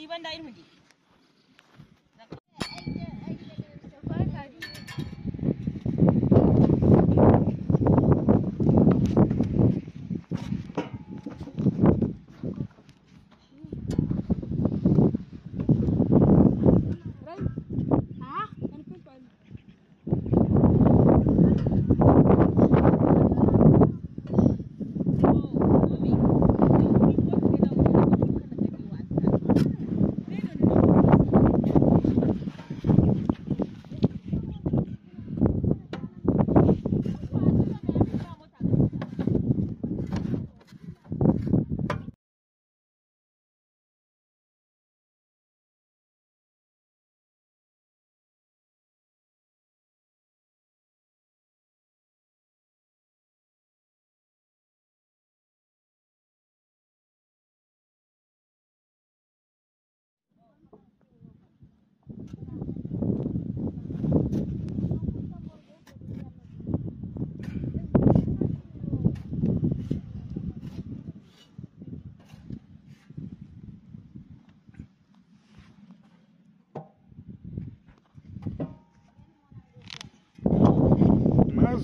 ഇരുപതിനായിരം മതി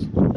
is.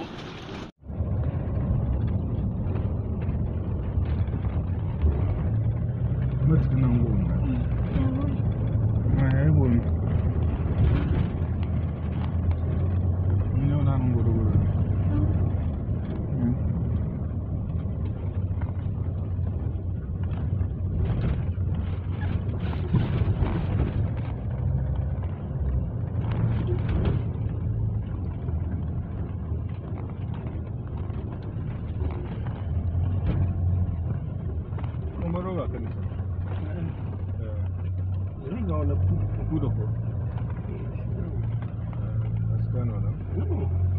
no, on a put, put, put, put, put, put, put, put,